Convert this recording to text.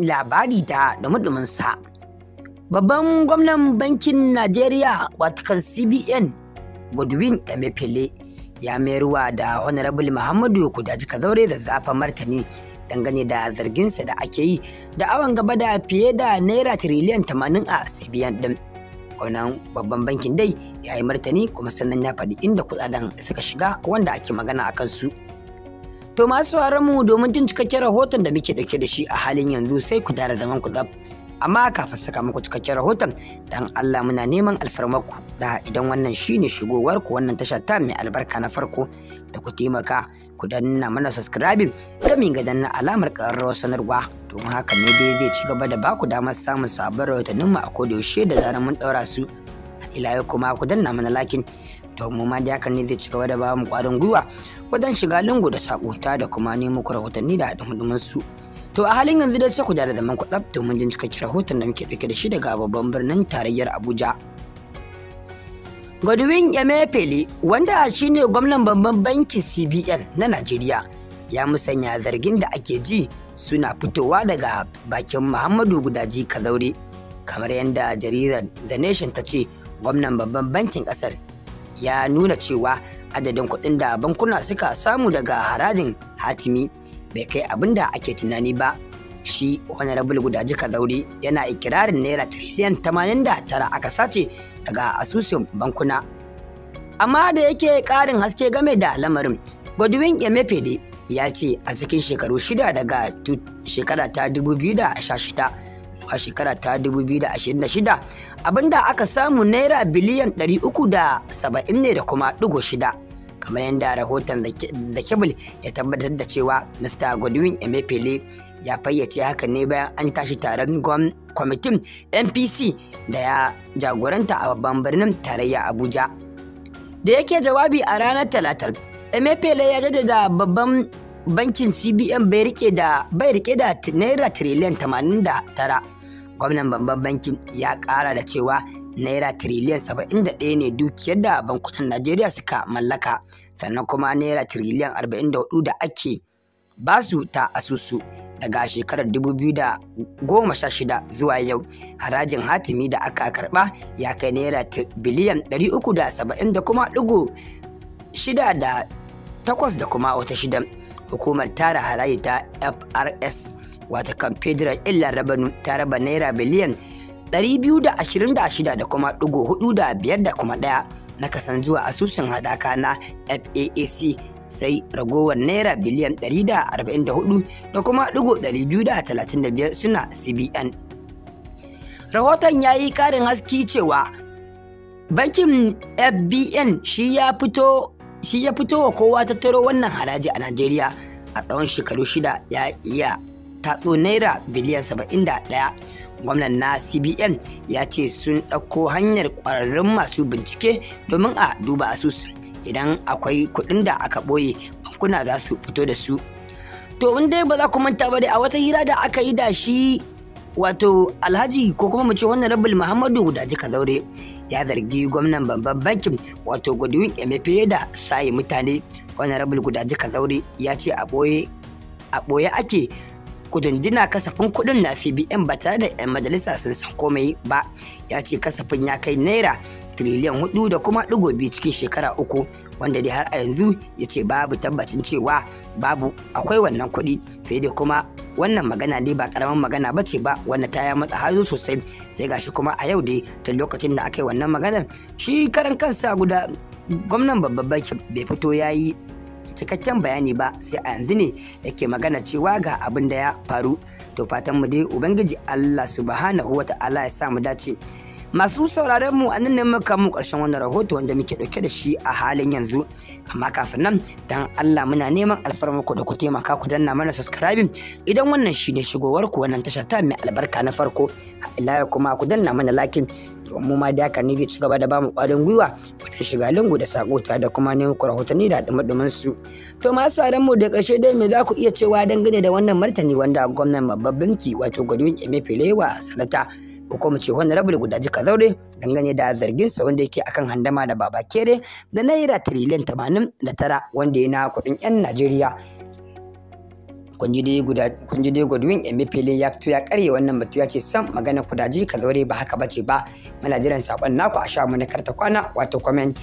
labari da dumudumin babban gwamnan bankin najeriya watakan cbn godwin emefiele ya mayarwa da honorable muhammadu kudaji kazaure da zafa martani dangane da zarginsa da ake yi da awon gaba da fiye da naira tiriliyan tamanin a cbn din gwamnan babban bankin dai ya yi martani kuma sannan ya faɗi inda kudaden suka shiga wanda ake magana a kansu To masu mu domin jin cikakken rahoton da muke dauke da shi a halin yanzu sai ku dara zaman ku tsaf. Amma kafin saka muku cikakken rahoton dan Allah muna neman alfarmarku da idan wannan shine shigowar ku wannan tasha ta mai albarka na farko da ku taimaka ku danna mana subscribing gami ga danna alamar ƙararrawar sanarwa domin haka ne dai zai ci gaba da ba ku damar samun sabon rahotannin mu a kodayaushe da zarar mun daura su ila yau kuma ku danna mana lakin to mu ma da ne zai ci gaba da bamu kwarin gwiwa wajen shiga lungu da sakota da kuma nemo ku rahotanni da haɗin su to a halin yanzu dai sai ku da zaman ku tsaf domin jin cikakken rahoton da muke ɗauke da shi daga babban birnin tarayyar abuja godwin emefele wanda shine gwamnan babban bankin cbn na najeriya ya musanya zargin da ake ji suna fitowa daga bakin muhammadu gudaji kazaure kamar yadda jaridar the nation ta ce gwamnan babban bankin kasar ya nuna cewa adadin kuɗin da bankuna suka samu daga harajin hatimi bai kai abin da ake tunani ba shi honorable jika zaure yana ikirarin naira tiriliyan tamanin da tara aka sace daga asusun bankuna amma da yake ƙarin haske game da lamarin godwin emefede ya ce a cikin shekaru shida daga shekara ta 2016 a shekara ta 2026 abinda aka samu naira biliyan 370 ne da kuma digo shida kamar yadda rahoton the cable ya tabbatar da cewa mr godwin emefele ya fayyace haka ne bayan an tashi taron kwamitin npc da ya jagoranta a babban birnin tarayya abuja da yake jawabi a ranar talatar emefele ya jaddada babban bankin cbn bai rike da bai rike da naira tiriliyan 89 gwamnan babban bankin ya kara da cewa naira tiriliyan 71 ne dukiyar da bankunan najeriya suka mallaka sannan kuma naira tiriliyan 44 da ake basu ta asusu daga shekarar 2016 zuwa yau harajin hatimi da aka karba ya kai naira biliyan 370 da kuma digo shida da takwas da kuma wata shida. hukumar tara haraji ta frs wata kan Illar Rabanu ta raba naira biliyan 226 da kuma hudu da biyar da ɗaya na kasan zuwa asusun haɗaka na faac sai ragowar naira biliyan 144 da kuma 235 suna cbn rahoton ya yi ƙarin haski cewa bankin fbn shi ya fito shi ya fito wa kowa tattaro wannan haraji a najeriya a tsawon shekaru shida ya iya tatso naira biliyan 71 gwamnan na cbn ya ce sun ɗauko hanyar ƙwararrun masu bincike domin a duba asusun idan akwai kuɗin da aka ɓoye bankuna za su fito da su to in dai ba za ku manta ba dai a wata hira da aka yi da shi wato alhaji ko kuma mu ce wannan rabul muhammadu da jika zaure ya zargi gwamnan babban bankin wato godwin emefiye da sayi mutane rabin guda jika zaure ya ce a ɓoye ake kudundina kasafin kudin na cbn ba tare da 'yan majalisa sun san komai ba ya ce kasafin ya kai naira tiriliyan hudu da kuma digo biyu cikin shekara uku wanda dai har a yanzu ya ce babu tabbacin cewa babu akwai wannan kuɗi sai dai kuma wannan magana ne ba karamin magana ba ce ba wanda ta yi matsa hazo sosai sai gashi kuma a yau dai tun lokacin da aka yi wannan maganar shi karan kansa guda gwamnan babban bankin bai fito ya yi cikakken bayani ba sai a yanzu ne yake magana cewa ga abin da ya faru to fatan mu dai ubangiji Allah subhanahu wata'ala ya sa mu dace masu sauraron mu anan ne muka mu karshen wannan rahoto wanda muke dauke da shi a halin yanzu amma kafin nan dan Allah muna neman alfarma ku da ku taimaka ku danna mana subscribing idan wannan shi ne shigowar ku wannan tasha ta mai albarka na farko ya kuma ku danna mana lakin domin mu ma da haka ne zai ci gaba da bamu kwarin gwiwa wajen shiga lungu da sako ta da kuma neman ku rahotanni da dumadumin su to masu sauraron mu da karshe dai me za ku iya cewa dangane da wannan martani wanda gwamnan babban banki wato Godwin Emefiele wa sanata ko kuma ce honorable ka zaure dangane da zarginsa wanda yake akan handama da baba kere da naira tiriliyan tamanin da tara wanda ya na kuɗin 'yan najeriya kunji dai godwin emefiele ya fito ya karye wannan batu ya ce sam magana kudaji ka zaure ba haka bace ba muna jiran sakon naku a sha mu na karta kwana wato comment